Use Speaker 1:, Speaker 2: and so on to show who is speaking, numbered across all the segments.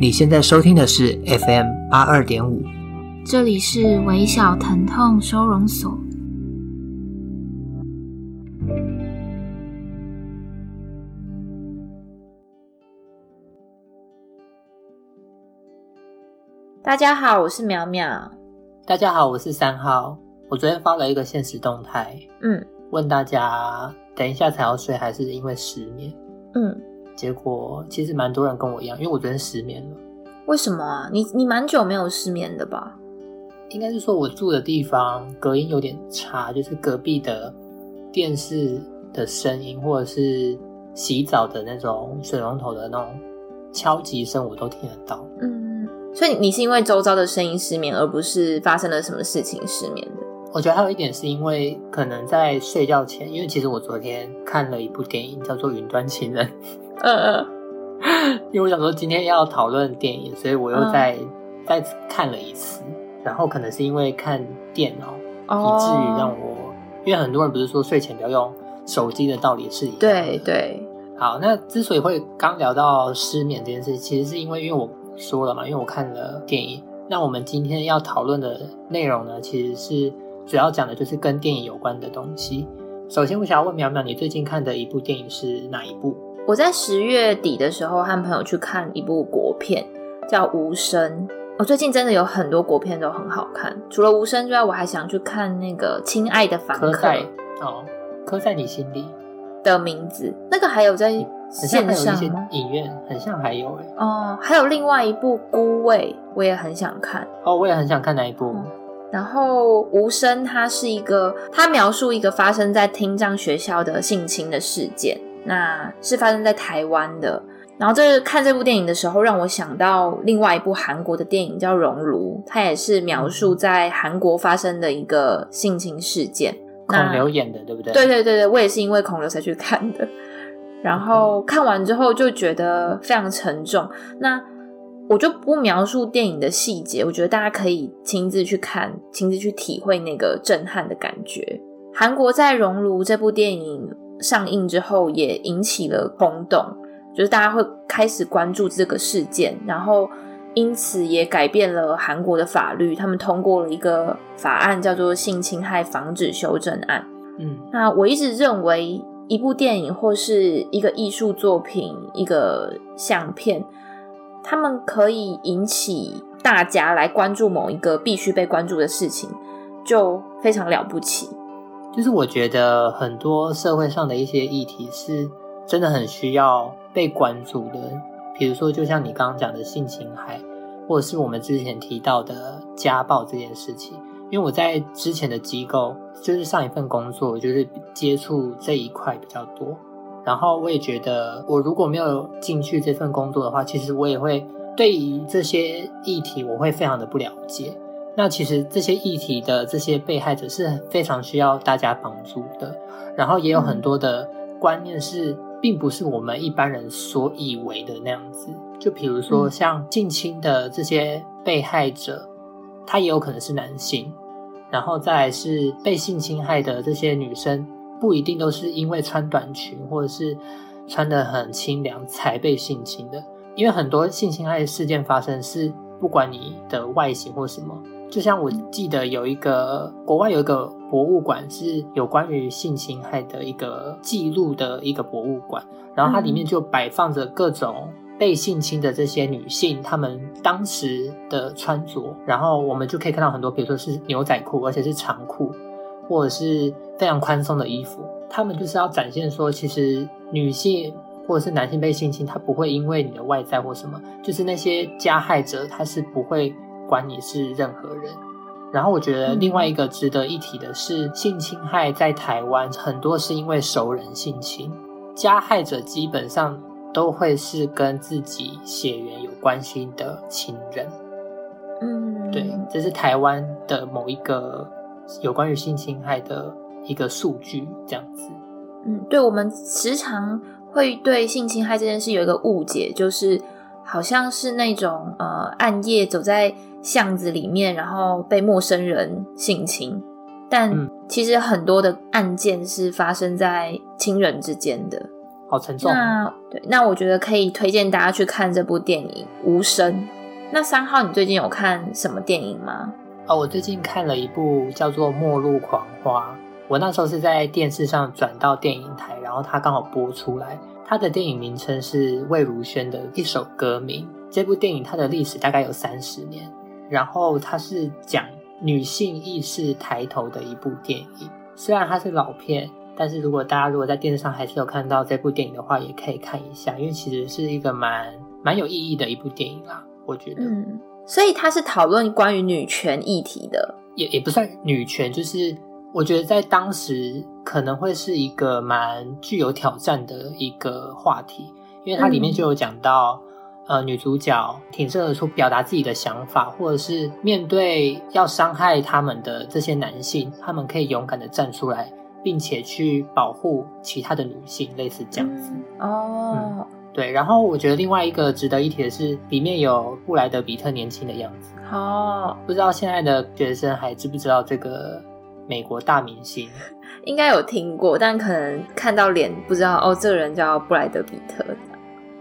Speaker 1: 你現在收聽的是 FM 八二點五，
Speaker 2: 這裡是微小疼痛收容所。
Speaker 1: 大家好，我是淼淼。大家好，我是三號。我昨天發了一個限時動態，嗯。問大家，等一下才要睡，還是因為失眠？嗯，結果其實蠻多人跟我一樣，因為我昨天失眠了。
Speaker 2: 為什麼啊？你你蠻久沒有失眠的吧？
Speaker 1: 應該是說我住的地方隔音有點差，就是隔壁的電視的聲音，或者是洗澡的那種水龍頭的那種敲擊聲，我都聽得到。嗯，所以你是因為周遭的聲音失眠，而不是發生了什麼事情失眠的。我覺得還有一點是因為可能在睡覺前，因為其實我昨天看了一部電影，叫做《雲端情人》。嗯嗯，因為我想說今天要討論電影，所以我又再、嗯、再次看了一次。然後可能是因為看電腦，以、哦、至於讓我，因為很多人不是說睡前不要用手機的道理是一樣的。對對。好，那之所以會剛聊到失眠這件事，其實是因為因為我說了嘛，因為我看了電影。那我們今天要討論的內容呢，其實是。主要講的就是跟電影有關的東西。首先，我想要問苗苗，你最近看的一部電影是哪一部？我在十月底的時候和朋友去看一
Speaker 2: 部國片，叫《無聲》。我、哦、最近真的有很多國片都很好看，除了《無聲》之外，我還想去看那個《親愛的房客》。刻在
Speaker 1: 哦，刻在你心裡的名字。
Speaker 2: 那個還有在線上嗎？
Speaker 1: 影院很像還有，像
Speaker 2: 還有耶哦，還有另外一部《孤味》，我也很想看。
Speaker 1: 哦，我也很想看哪一部？嗯
Speaker 2: 然後無聲，他是一個他描述一個發生在聽障學校的性侵的事件，那是發生在台灣的。然後這個，看這部電影的時候，讓我想到另外一部韓國的電影叫《熔爐》，它也是描述在韓國發生的一個性侵事件。孔劉
Speaker 1: 演的，對不對？對
Speaker 2: 對對對，我也是因為孔劉才去看的。然後看完之後就覺得非常沉重。那我就不描述電影的細節，我覺得大家可以親自去看，親自去體會那個震撼的感覺。韓國在《熔爐》這部電影上映之後，也引起了轟動，就是大家會開始關注這個事件，然後因此也改變了韓國的法律，他們通過了一個法案，叫做《性侵害防止修正案》。嗯，那我一直認為，一部電影或是一個藝術作品，一個相片。他們可以引起大家來關注某一個必須被關注的事情，就非常了不
Speaker 1: 起。就是我覺得很多社會上的一些議題是真的很需要被關注的，比如說就像你剛剛講的性侵害，或者是我們之前提到的家暴這件事情。因為我在之前的機構，就是上一份工作，就是接觸這一塊比較多。然後我也覺得，我如果沒有進去這份工作的話，其實我也會對於這些議題我會非常的不了解。那其實這些議題的這些被害者是非常需要大家幫助的。然後也有很多的觀念是並不是我們一般人所以為的那樣子。就比如說像近親的這些被害者，他也有可能是男性。然後再來是被性侵害的這些女生，不一定都是因為穿短裙或者是穿得很清涼才被性侵的，因為很多性侵害事件發生是不管你的外形或什麼。就像我記得有一個國外有一個博物館是有關於性侵害的一個記錄的一個博物館，然後它裡面就擺放着各種被性侵的這些女性她們當時的穿着，然後我們就可以看到很多，比如說是牛仔褲，而且是長褲。或者是非常寬鬆的衣服，他們就是要展現說，其實女性或者是男性被性侵，他不會因為你的外在或什麼，就是那些加害者，他是不會管你是任何人。然後我覺得另外一個值得一提的是，嗯、性侵害在台灣很多是因為熟人性侵，加害者基本上都會是跟自己血緣有關係的親人。嗯，對，這是台灣的某一個。有關於性侵害的一個數據，這樣子。嗯，
Speaker 2: 對，我們時常會對性侵害這件事有一個誤解，就是好像是那種呃，暗夜走在巷子裡面，然後被陌生人性侵。但其實很多的案件是發生在親人之間的。
Speaker 1: 好沉重啊。那
Speaker 2: 對，那我覺得可以推薦大家去看這部電影《無聲》。那三號，你最近有看什麼電影嗎？
Speaker 1: 哦，我最近看了一部叫做《末路狂花》，我那時候是在電視上轉到電影台，然後它剛好播出來。它的電影名稱是魏如萱的一首歌名。這部電影它的歷史大概有三十年，然後它是講女性意識抬頭的一部電影。雖然它是老片，但是如果大家如果在電視上還是有看到這部電影的話，也可以看一下，因為其實是一個蠻蠻有意義的一部電影啦，我覺得。嗯所以他是討論關於女權議題的。也也不算女權，就是我覺得在當時可能會是一個蠻具有挑戰的一個話題，因為它裡面就有講到、嗯，呃，女主角挺身而出表達自己的想法，或者是面對要傷害他們的這些男性，他們可以勇敢的站出來，並且去保護其他的女性，類似這樣子。嗯、哦。嗯對，然後我覺得另外一個值得一提的是，裡面有布萊德彼特年輕的樣子。哦，不知道現在的學生還知不知道這個美國大明星？
Speaker 2: 應該有聽過，但可能看到臉不知道。哦，這個人叫布萊德彼特。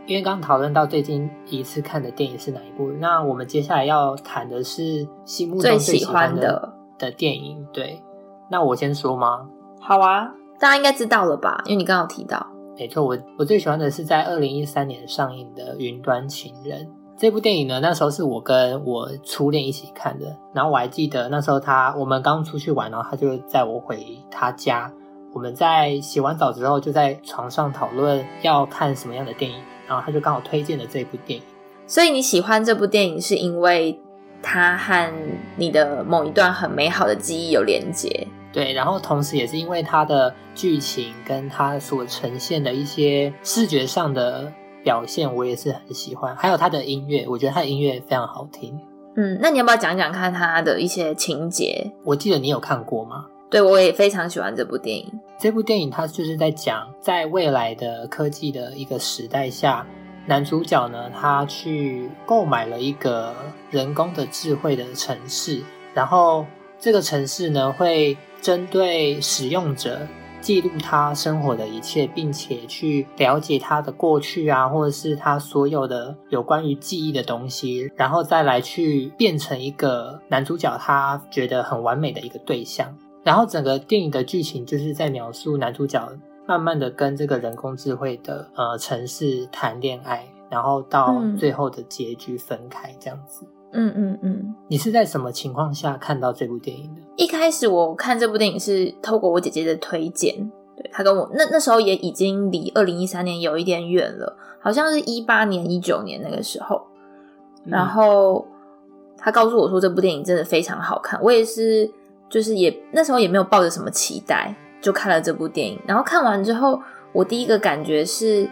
Speaker 2: 因
Speaker 1: 為剛討論到最近一次看的電影是哪一部，那我們接下來要談的是心目中最喜歡的喜歡的，的電影。對，那我先說嗎？好啊，大家應該知道了吧？因為你剛剛有提到。沒錯，我我最喜歡的是在二零一三年上映的《雲端情人》這部電影呢。那時候是我跟我初戀一起看的，然後我還記得那時候他，我們剛出去玩，然後他就載我回他家。我們在洗完澡之後就在床上討論要看什麼樣的電影，然後他就剛好推薦了這部電影。
Speaker 2: 所以你喜歡這部電影是因為它和你的某一段很美好的記憶有連接？
Speaker 1: 對，然後同時也是因為他的劇情跟他所呈現的一些視覺上的表現，我也是很喜歡。還有他的音樂，我覺得他的音樂也非常好聽。
Speaker 2: 嗯，那你要不要講講看他的一些情節？
Speaker 1: 我記得你有看過嗎？對，我也非常喜歡這部電影。這部電影它就是在講，在未來的科技的一個時代下，男主角呢，他去購買了一個人工的智慧的城市，然後這個城市呢會，針對使用者記錄他生活的一切，並且去了解他的過去啊，或者是他所有的有關於記憶的東西，然後再來去變成一個男主角他覺得很完美的一個對象。然後整個電影的劇情就是在描述男主角慢慢的跟這個人工智慧的呃程式談戀愛，然後到最後的結局分開這樣子。嗯
Speaker 2: 嗯嗯
Speaker 1: 嗯，你是在什麼情況下看到這部電影的？
Speaker 2: 一開始我看這部電影是透過我姐姐的推薦，對，她跟我，那那時候也已經離二零一三年有一點遠了，好像是一八年、一九年那個時候。然後她，嗯，告訴我說這部電影真的非常好看，我也是就是也那時候也沒有抱着什麼期待就看了這部電影。然後看完之後，我第一個感覺是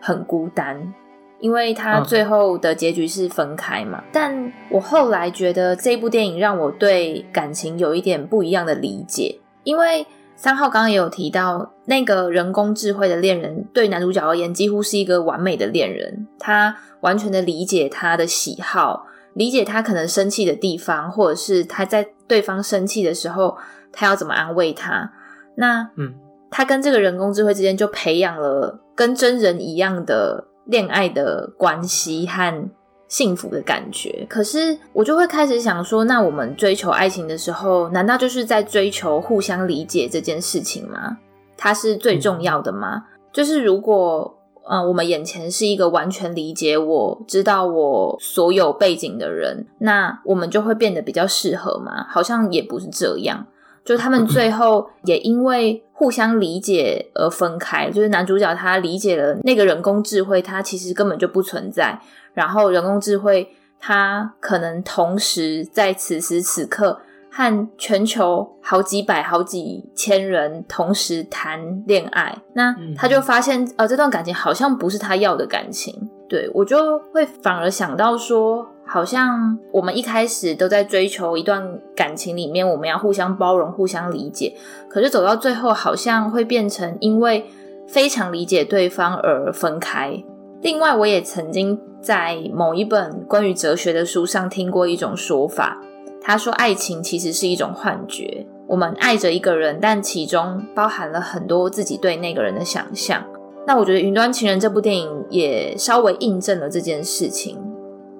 Speaker 2: 很孤單。因為他最後的結局是分開嘛，oh. 但我後來覺得這部電影讓我對感情有一點不一樣的理解。因為三號剛剛也有提到，那個人工智慧的戀人對男主角而言幾乎是一個完美的戀人，他完全的理解他的喜好，理解他可能生氣的地方，或者是他在對方生氣的時候，他要怎麼安慰他。那嗯，他跟這個人工智慧之間就培養了跟真人一樣的戀愛的關係和幸福的感覺，可是我就會開始想說，那我們追求愛情的時候，難道就是在追求互相理解這件事情嗎？它是最重要的嗎？嗯、就是如果呃，我們眼前是一個完全理解我、知道我所有背景的人，那我們就會變得比較適合嗎？好像也不是這樣。就他們最後也因為互相理解而分開，就是男主角他理解了那個人工智慧，他其實根本就不存在。然後人工智慧他可能同時在此時此刻和全球好幾百、好幾千人同時談戀愛。那他就發現，呃，嗯，哦，這段感情好像不是他要的感情。對，我就會反而想到說。好像我們一開始都在追求一段感情裡面，我們要互相包容、互相理解。可是走到最後，好像會變成因為非常理解對方而分開。另外，我也曾經在某一本關於哲學的書上聽過一種說法，他說愛情其實是一種幻覺。我們愛着一個人，但其中包含了很多自己對那個人的想象。那我覺得《雲端情人》這部電影也稍微印證了這件事情。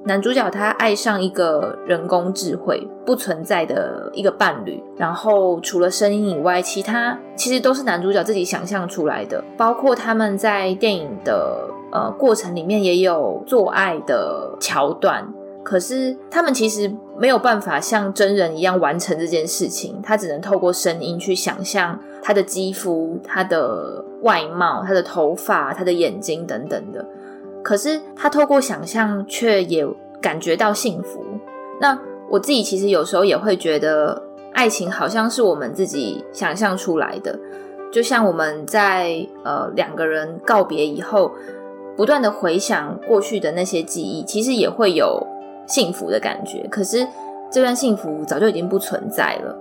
Speaker 2: 男主角他愛上一個人工智慧，不存在的一個伴侶，然後除了聲音以外，其他其實都是男主角自己想象出來的。包括他們在電影的，呃，過程裡面也有做愛的橋段，可是他們其實沒有辦法像真人一樣完成這件事情，他只能透過聲音去想象他的肌膚、他的外貌、他的頭髮、他的眼睛等等的。可是他透過想象，卻也感覺到幸福。那我自己其實有時候也會覺得，愛情好像是我們自己想象出來的。就像我們在呃兩個人告別以後，不斷地回想過去的那些記憶，其實也會有幸福的感覺。可是這段幸福早就已經不存在
Speaker 1: 了。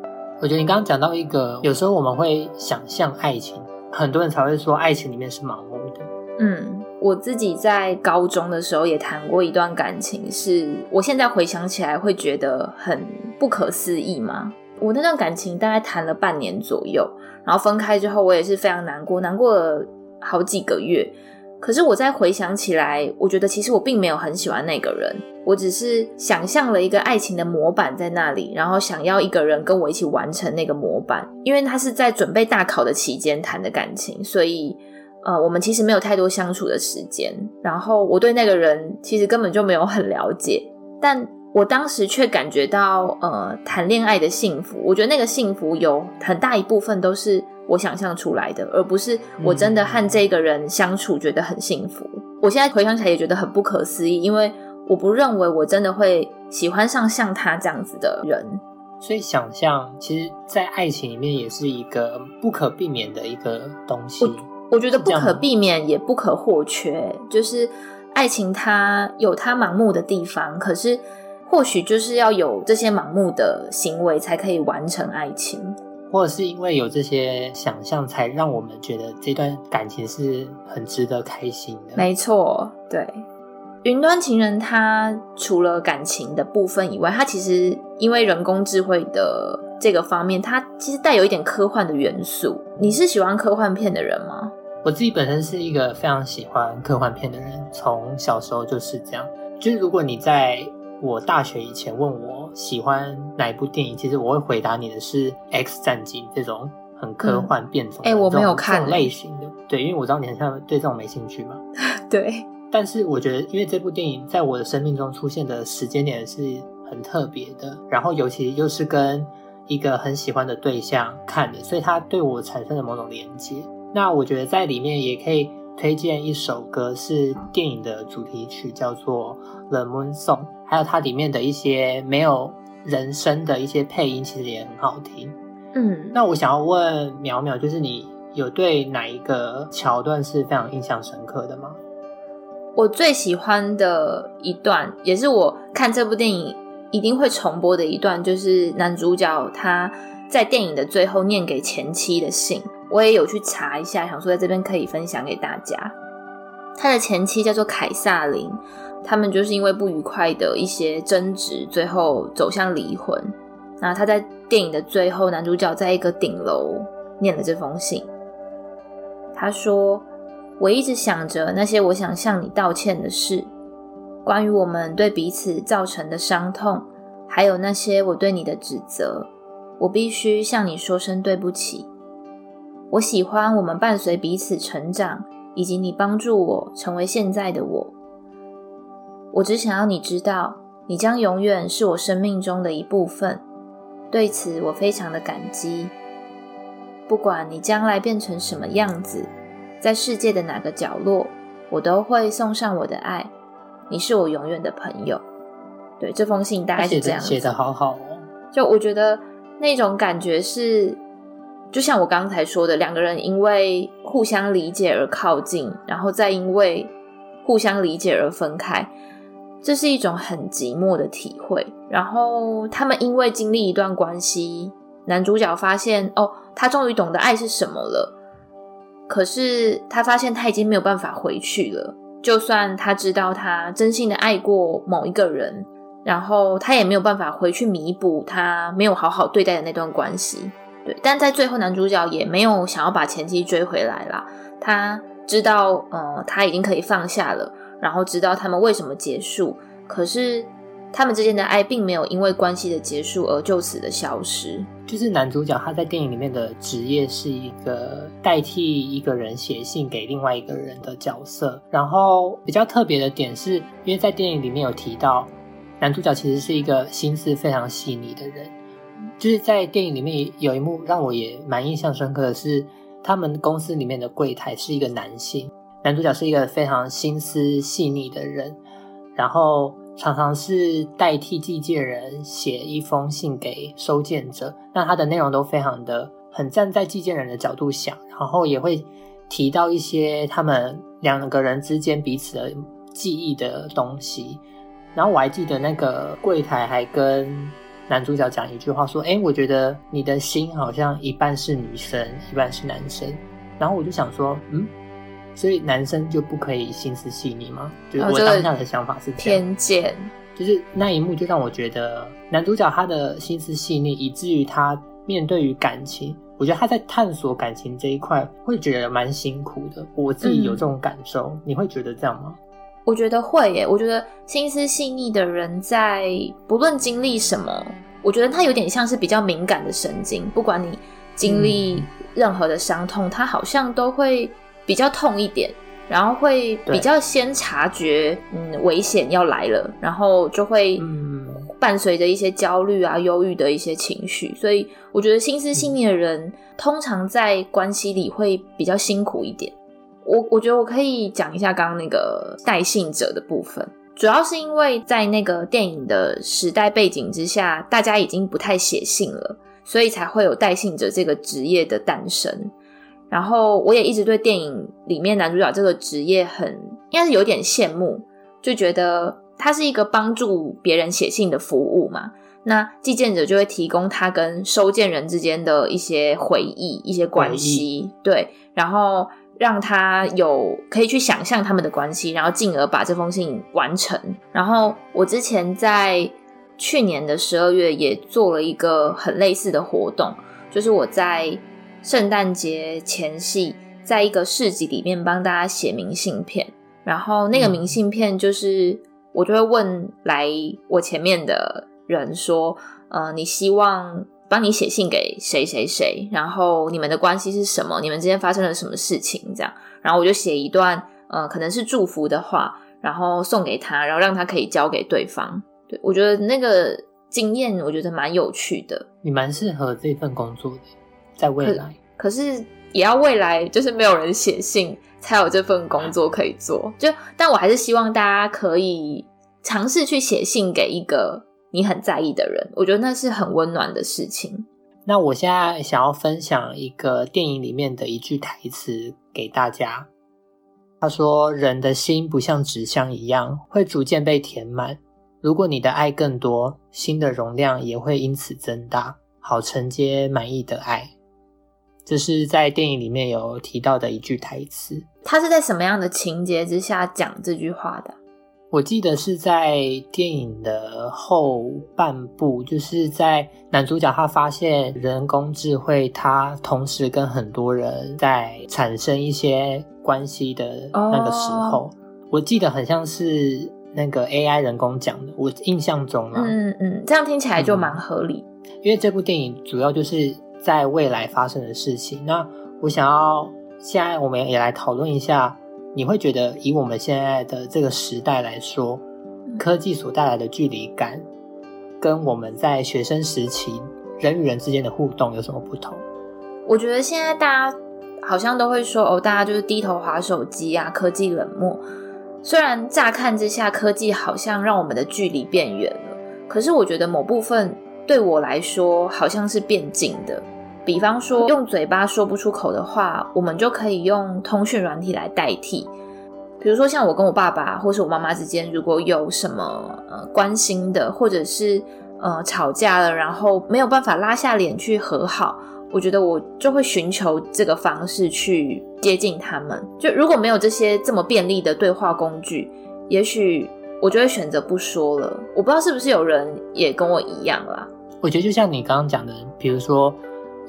Speaker 1: 我覺得你剛剛講到一個，有時候我們會想象愛情，很多人才會說愛情裡面是盲目的。嗯。
Speaker 2: 我自己在高中的時候也談過一段感情，是我現在回想起來會覺得很不可思議嗎？我那段感情大概談了半年左右，然後分開之後，我也是非常難過，難過了好幾個月。可是我再回想起來，我覺得其實我並沒有很喜歡那個人，我只是想象了一個愛情的模板在那裡，然後想要一個人跟我一起完成那個模板。因為他是在準備大考的期間談的感情，所以。呃，我們其實沒有太多相處的時間，然後我對那個人其實根本就沒有很了解，但我當時卻感覺到，呃，談戀愛的幸福。我覺得那個幸福有很大一部分都是我想象出來的，而不是我真的和這個人相處覺得很幸福。嗯。我現在回想起來也覺得很不可思議，因為我不認為我真的會喜歡上像他這樣子的人。
Speaker 1: 所以想，想象其實，在愛情裡面也是一個不可避免的一個東西。我覺得不可避免也不可或缺，就是愛
Speaker 2: 情它有它盲目的地方，可是或許就是要有這些盲目的行為才可以完成愛情，
Speaker 1: 或者是因為有這些想象，才讓我們覺得這段感情是很值得開心的。
Speaker 2: 沒錯，對，雲端情人他除了感情的部分以外，他其實。因為人工智慧的這個方面，它其實帶有一點科幻的元素。你是喜歡科幻片的人嗎？
Speaker 1: 我自己本身是一個非常喜歡科幻片的人，從小時候就是這樣。就是如果你在我大學以前問我喜歡哪一部電影，其實我會回答你的是《X 戰警》這種很科幻、變種哎、嗯欸，我沒有看、欸、這種類型的。對，因為我知道你很像對這種沒興趣嘛。對。但是我覺得，因為這部電影在我的生命中出現的時間點是。很特別的，然後尤其又是跟一個很喜歡的對象看的，所以它對我產生了某種連接。那我覺得在裡面也可以推薦一首歌，是電影的主題曲，叫做《The Moon Song》，還有它裡面的一些沒有人聲的一些配音，其實也很好聽。嗯，那我想要問苗苗，就是你有對哪一個橋段是非常印象深刻的嗎？
Speaker 2: 我最喜歡的一段，也是我看這部電影，一定會重播的一段，就是男主角他在電影的最後念給前妻的信。我也有去查一下，想說在這邊可以分享給大家。他的前妻叫做凱薩琳，他們就是因為不愉快的一些爭執，最後走向離婚。那他在電影的最後，男主角在一個頂樓念了這封信。他說：“我一直想着那些我想向你道歉的事。”關於我們對彼此造成的傷痛，還有那些我對你的指責，我必須向你說聲對不起。我喜歡我們伴隨彼此成長，以及你幫助我成為現在的我。我只想要你知道，你將永遠是我生命中的一部分，對此我非常的感激。不管你將來變成什麼樣子，在世界的哪個角落，我都會送上我的愛。你是我永遠的朋友。對，這封信大概是這樣寫的，好好哦。就我覺得那種感覺是，就像我剛才說的，兩個人因為互相理解而靠近，然後再因為互相理解而分開，這是一種很寂寞的體會。然後他們因為經歷一段關係，男主角發現哦，他終於懂得愛是什麼了。可是他發現他已經沒有辦法回去了。就算他知道他真心的愛過某一個人，然後他也沒有辦法回去彌補他沒有好好對待的那段關係。對，但在最後男主角也沒有想要把前妻追回來啦。他知道，嗯，他已經可以放下了，然後知道他們為什麼結束。可是他們之間的愛並沒有因為關係的結束而就此的消失。
Speaker 1: 就是男主角他在電影裡面的職業是一個代替一個人寫信給另外一個人的角色。然後比較特別的點是，因為在電影裡面有提到，男主角其實是一個心思非常細膩的人。就是在電影裡面有一幕讓我也蠻印象深刻的是，他們公司裡面的櫃台是一個男性，男主角是一個非常心思細膩的人，然後。常常是代替寄件人寫一封信給收件者，那它的內容都非常的很站在寄件人的角度想，然後也會提到一些他們兩個人之間彼此的記憶的東西。然後我還記得那個櫃檯還跟男主角講一句話說：“哎，我覺得你的心好像一半是女生，一半是男生。”然後我就想說：“嗯。”所以男生就不可以心思細膩嗎？就我當下的想法是這樣，哦，這個、偏見，就是那一幕就讓我覺得男主角他的心思細膩，以至於他面對於感情，我覺得他在探索感情這一塊會覺得蠻辛苦的。我自己有這種感受，嗯、你會覺得這樣嗎？
Speaker 2: 我覺得會誒、欸，我覺得心思細膩的人在不論經歷什麼，我覺得他有點像是比較敏感的神經，不管你經歷任何的傷痛，嗯、他好像都會。比較痛一點，然後會比較先察覺，嗯，危險要來了，然後就會嗯、伴隨着一些焦慮啊、憂鬱的一些情緒。所以我覺得心思細膩的人、嗯、通常在關係裡會比較辛苦一點。我我覺得我可以講一下剛剛那個代信者的部分，主要是因為在那個電影的時代背景之下，大家已經不太寫信了，所以才會有代信者這個職業的誕生。然後我也一直對電影裡面男主角這個職業很，應該是有點羨慕，就覺得他是一個幫助別人寫信的服務嘛。那寄件者就會提供他跟收件人之間的一些回憶、一些關係，嗯、對，然後讓他有可以去想象他們的關係，然後進而把這封信完成。然後我之前在去年的十二月也做了一個很類似的活動，就是我在。聖誕節前夕，在一個市集裡面幫大家寫明信片，然後那個明信片就是我就會問來我前面的人說，呃，你希望幫你寫信給誰誰誰，然後你們的關係是什麼，你們之間發生了什麼事情這樣，然後我就寫一段呃可能是祝福的話，然後送給他，然後讓他可以交給對方。對，我覺得那個經驗我覺得蠻有趣的，
Speaker 1: 你蠻適合這份工作的。在未來可，
Speaker 2: 可是也要未來，就是沒有人寫信，才有這份工作可以做。就但我還是希望大家可以嘗試去寫信給一個你很在意的人，我覺得那是很溫暖的事情。
Speaker 1: 那我現在想要分享一個電影裡面的一句台詞給大家。他說：“人的心不像紙箱一樣，會逐漸被填滿。如果你的愛更多，心的容量也會因此增大，好承接滿意的愛。”這是在電影裡面有提到的一句台詞，他是在什麼樣的情節之
Speaker 2: 下講這句話的？
Speaker 1: 我記得是在電影的後半部，就是在男主角他發現人工智慧，他同時跟很多人在產生一些關係的那個時候，Oh. 我記得很像是那個 AI 人工講的。我印象中，嗯嗯嗯，這樣聽起來就蠻合理，嗯、因為這部電影主要就是。在未來發生的事情，那我想要現在我們也來討論一下，你會覺得以我們現在的這個時代來說，科技所帶來的距離感，跟我們在學生時期人與人之間的互動有什麼不同？
Speaker 2: 我覺得現在大家好像都會說哦，大家就是低頭滑手機啊，科技冷漠。雖然乍看之下科技好像讓我們的距離變遠了，可是我覺得某部分對我來說好像是變近的。比方說，用嘴巴說不出口的話，我們就可以用通訊軟體來代替。比如說，像我跟我爸爸或是我媽媽之間，如果有什麼呃關心的，或者是呃吵架了，然後沒有辦法拉下臉去和好，我覺得我就會尋求這個方式去接近他們。就，如果沒有這些這麼便利的對話工具，也許我就會選擇不說了。我不知道是不是有人也跟我一樣啦。
Speaker 1: 我覺得就像你剛剛講的，比如說。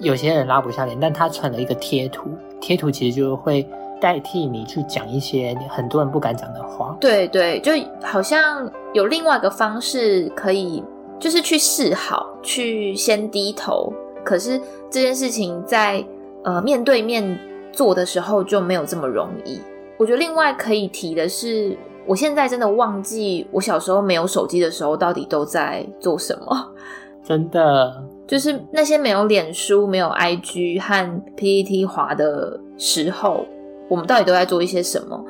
Speaker 1: 有些人拉不下臉，但他傳了一個貼圖，貼圖其實就會代替你去講一些很多人不敢講的話。
Speaker 2: 對，對對，就好像有另外一個方式可以，就是去示好，去先低頭。可是這件事情在呃面對面做的時候就沒有這麼容易。我覺得另外可以提的是，我現在真的忘記我小時候沒有手機的時候到底都在做什麼。
Speaker 1: 真的。
Speaker 2: 就是那些沒有臉書、沒有 IG 和 PPT 滑的時候，我們到底都在做一些什麼？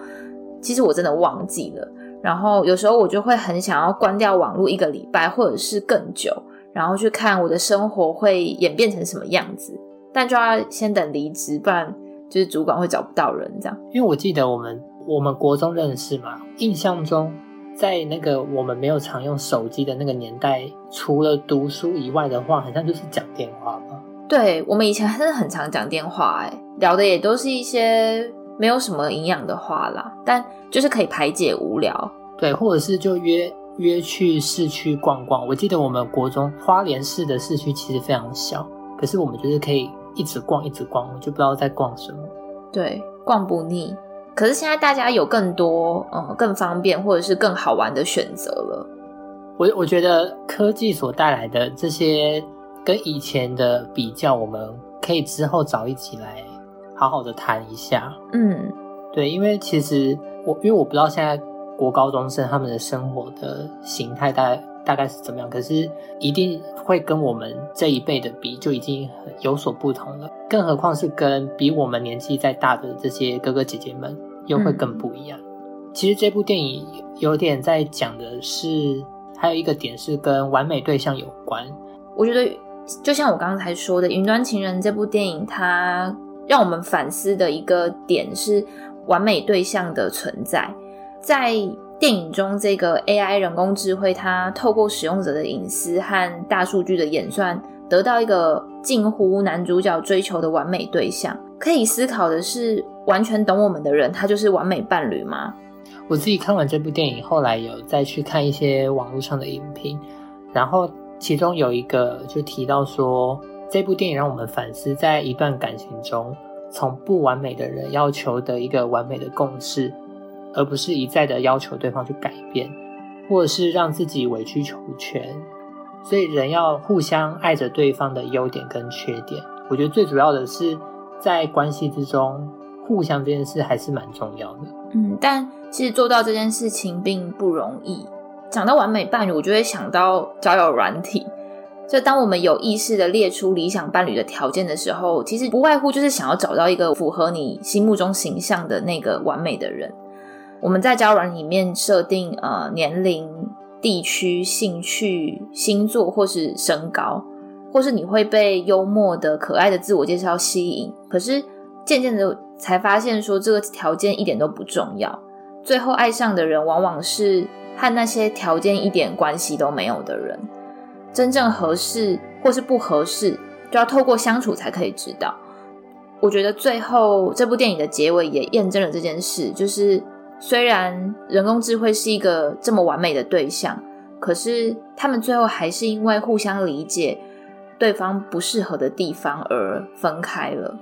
Speaker 2: 其實我真的忘記了。然後有時候我就會很想要關掉網絡一個禮拜，或者是更久，然後去看我的生活會演變成
Speaker 1: 什麼樣子。但就要先等離職，不然就是主管會找不到人這樣。因為我記得我們我們國中認識嘛，印象中。在那個我們沒有常用手機的那個年代，除了讀書以外的話，好像就是講電話吧。
Speaker 2: 對，我們以前真的很常講電話，哎，聊的也都是一些沒有什麼營養的話啦，但就是可以排解無聊。
Speaker 1: 對，或者是就約約去市區逛逛。我記得我們國中花蓮市的市區其實非常小，可是我們就是可以一直逛一直逛，我就不知道在逛什麼。
Speaker 2: 對，逛不膩。
Speaker 1: 可是現在大家有更多嗯更方便或者是更好玩的選擇了。我我覺得科技所帶來的這些跟以前的比較，我們可以之後找一集來好好的談一下。嗯，對，因為其實我因為我不知道現在國高中生他們的生活的形態大大概是怎麼樣，可是一定會跟我們這一輩的比就已經有所不同了，更何況是跟比我們年紀再大的這些哥哥姐姐們。又會更不一樣。其實這部電影有點在講的是，還有一個點是跟完美對象有關。嗯。我覺得，就像我剛才說
Speaker 2: 的，《雲端情人》這部電影，它讓我們反思的一個點是完美對象的存在。在電影中，這個 AI 人工智慧它透過使用者的隱私和大數據的演算，得到一個近乎男主角追求的完美對象。可以思考的是，完全懂我們的人，
Speaker 1: 他就是完美伴侶嗎？我自己看完這部電影，後來有再去看一些網絡上的影評，然後其中有一個就提到說，這部電影讓我們反思，在一段感情中，從不完美的人要求的一個完美的共識，而不是一再的要求對方去改變，或者是讓自己委曲求全。所以，人要互相愛着對方的優點跟缺點。我覺得最主要的是，在關係之中。互相這件事還是蠻重要的。嗯，
Speaker 2: 但其實做到這件事情並不容易。講到完美伴侶，我就會想到交友軟體。所以，當我們有意識地列出理想伴侶的條件的時候，其實不外乎就是想要找到一個符合你心目中形象的那個完美的人。我們在交友軟體裡面設定呃年齡、地區、興趣、星座，或是身高，或是你會被幽默的、可愛的自我介紹吸引。可是漸漸的才發現，說這個條件一點都不重要。最後愛上的人往往是和那些條件一點關係都沒有的人。真正合適或是不合適，就要透過相處才可以知道。我覺得最後這部電影的結尾也驗證了這件事，就是雖然人工智慧是一個這麼完美的對象，可是他們最後還是因為互相理解對方不適合的地方而分開了。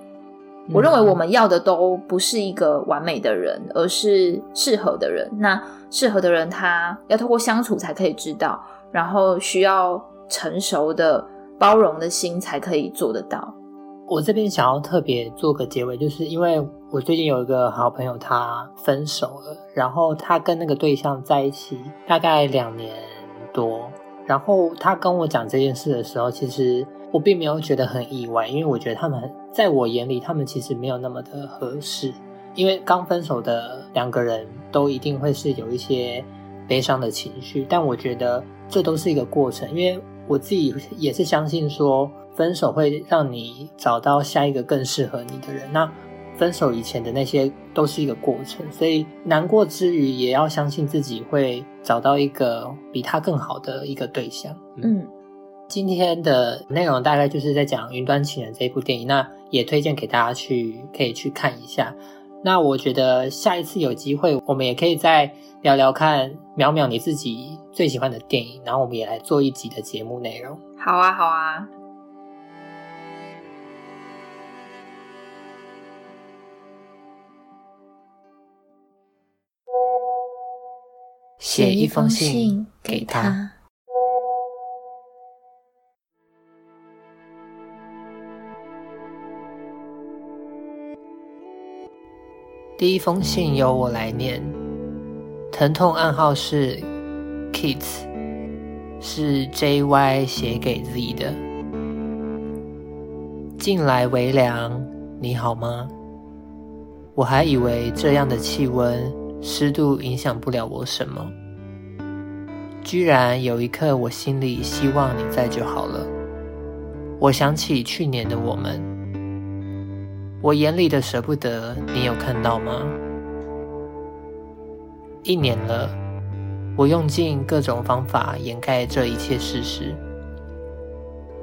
Speaker 2: 我認為我們要的都不是一個完美的人，嗯、而是適合的人。那適合的人，他要透過相處才可以知道，然後需要成熟的、包容的心才可以做得
Speaker 1: 到。我這邊想要特別做個結尾，就是因為我最近有一個好朋友，他分手了，然後他跟那個對象在一起大概兩年多，然後他跟我講這件事的時候，其實。我並沒有覺得很意外，因為我覺得他們在我眼裡，他們其實沒有那麼的合適。因為剛分手的兩個人都一定會是有一些悲傷的情緒，但我覺得這都是一個過程。因為我自己也是相信說，分手會讓你找到下一個更適合你的人。那分手以前的那些都是一個過程，所以難過之餘也要相信自己會找到一個比他更好的一個對象。嗯。今天的內容大概就是在講《雲端情人》這一部電影，那也推薦給大家去可以去看一下。那我覺得下一次有機會，我們也可以再聊聊看淼淼你自己最喜歡的電影，然後我們也來做一集的節目內容。
Speaker 2: 好啊，好啊。寫一封
Speaker 1: 信給他。第一封信由我來念，疼痛暗號是 “Kids”，是 JY 寫給 Z 的。近來微涼，你好嗎？我還以為這樣的氣溫、濕度影響不了我什麼，居然有一刻我心裡希望你在就好了。我想起去年的我們。我眼裡的捨不得，你有看到嗎？一年了，我用盡各種方法掩蓋這一切事實。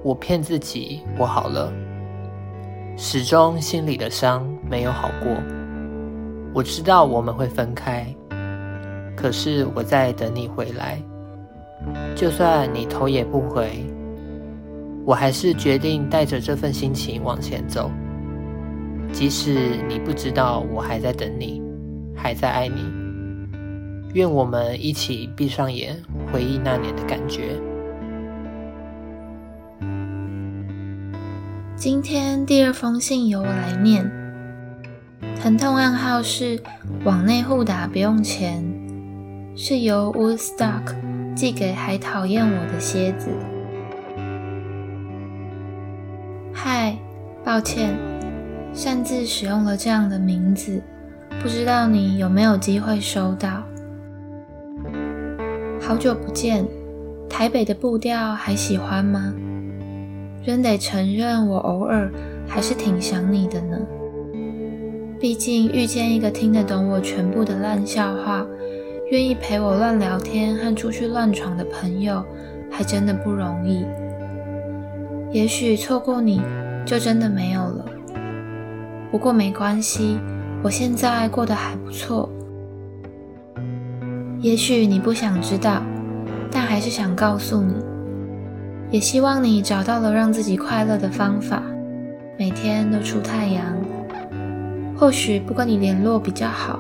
Speaker 1: 我騙自己，我好了。始終心裡的傷沒有好過。我知道我們會分開，可是我在等你回來。就算你頭也不回，我還是決定帶着這份心情往前走。即使你不知道，我還在等你，還在愛你。願我們一起閉上眼，回憶那年的感覺。
Speaker 2: 今天第二封信由我來念。疼痛暗號是網內互打，不用錢。是由 Woodstock 寄給還討厭我的蠍子。嗨，抱歉。擅自使用了這樣的名字，不知道你有沒有機會收到。好久不見，台北的步調還喜歡嗎？仍得承認，我偶爾還是挺想你的呢。畢竟遇見一個聽得懂我全部的爛笑話，願意陪我亂聊天和出去亂闖的朋友，還真的不容易。也許錯過你就真的沒有了。不過沒關係，我現在過得還不錯。也許你不想知道，但還是想告訴你，也希望你找到了讓自己快樂的方法，每天都出太陽。或許不跟你聯絡比較好，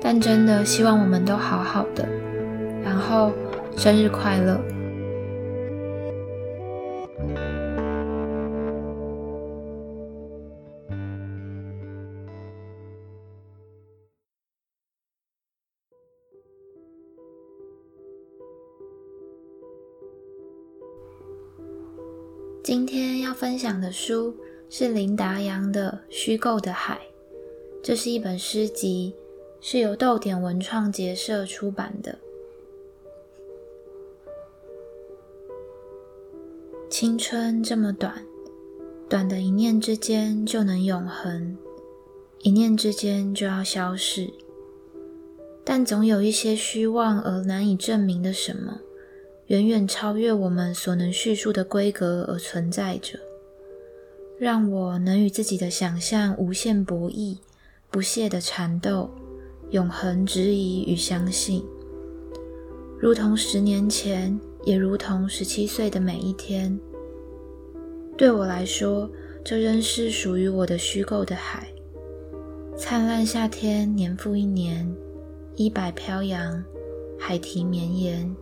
Speaker 2: 但真的希望我們都好好的，然後生日快樂。今天要分享的書是林達陽的《虛構的海》，這是一本詩集，是由逗點文創結社出版的。青春這麼短，短的一念之間就能永恆，一念之間就要消逝。但總有一些虛妄而難以證明的什麼，遠遠超越我們所能敘述的規格而存在着，讓我能與自己的想象無限博弈、不懈的纏鬥、永恆質疑與相信。如同十年前，也如同十七歲的每一天，對我來說，這仍是屬於我的虛構的海。燦爛夏天，年復一年，衣擺飄揚，海堤綿延。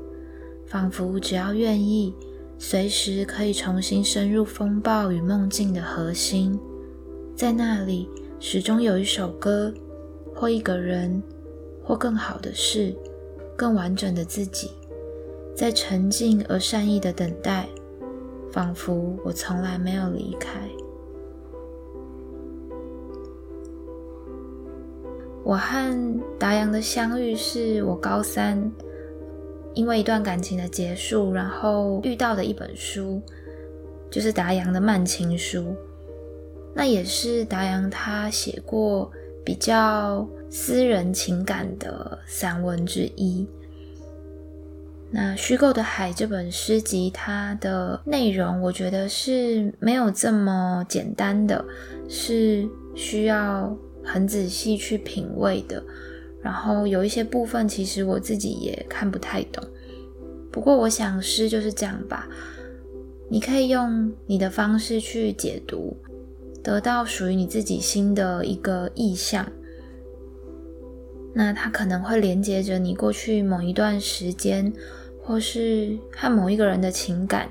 Speaker 2: 仿佛只要願意，隨時可以重新深入風暴與夢境的核心，在那裡，始終有一首歌，或一個人，或更好的事，更完整的自己，在沉靜而善意的等待，仿佛我從來沒有離開。我和達陽的相遇，是我高三。因為一段感情的結束，然後遇到的一本書，就是達陽的《慢情書》，那也是達陽他寫過比較私人情感的散文之一。那《虛構的海》這本詩集，它的內容我覺得是沒有這麼簡單的，是需要很仔細去品味的。然後有一些部分，其實我自己也看不太懂。不過我想詩就是這樣吧。你可以用你的方式去解讀，得到屬於你自己新的一個意象。那它可能會連接着你過去某一段時間，或是和某一個人的情感，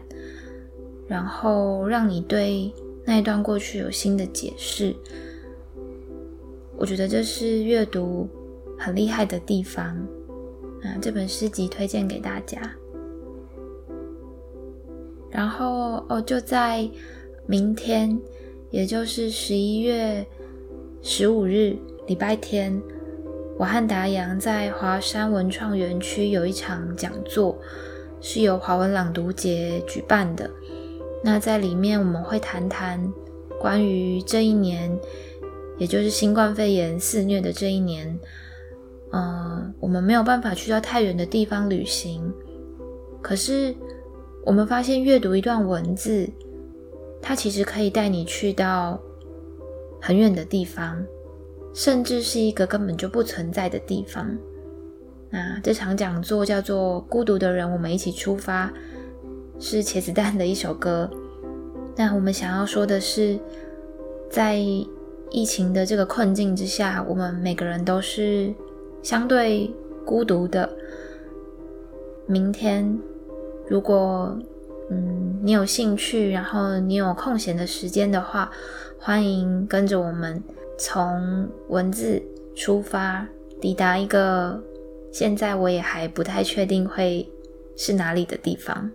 Speaker 2: 然後讓你對那一段過去有新的解釋。我覺得這是閱讀很厲害的地方，啊，這本詩集推薦給大家。然後哦，就在明天，也就是十一月十五日禮拜天，我和達陽在華山文創園區有一場講座，是由華文朗讀節舉辦的。那在裡面我們會談談關於這一年，也就是新冠肺炎肆虐的這一年。嗯，我們沒有辦法去到太遠的地方旅行，可是我們發現閱讀一段文字，它其實可以帶你去到很遠的地方，甚至是一個根本就不存在的地方。那這場講座叫做《孤獨的人，我們一起出發》，是茄子蛋的一首歌。那我們想要說的是，在疫情的這個困境之下，我們每個人都是。相對孤獨的明天，如果，嗯，你有興趣，然後你有空閒的時間的話，歡迎跟着我們從文字出發，抵達一個現在我也還不太確定會是哪裡的地方。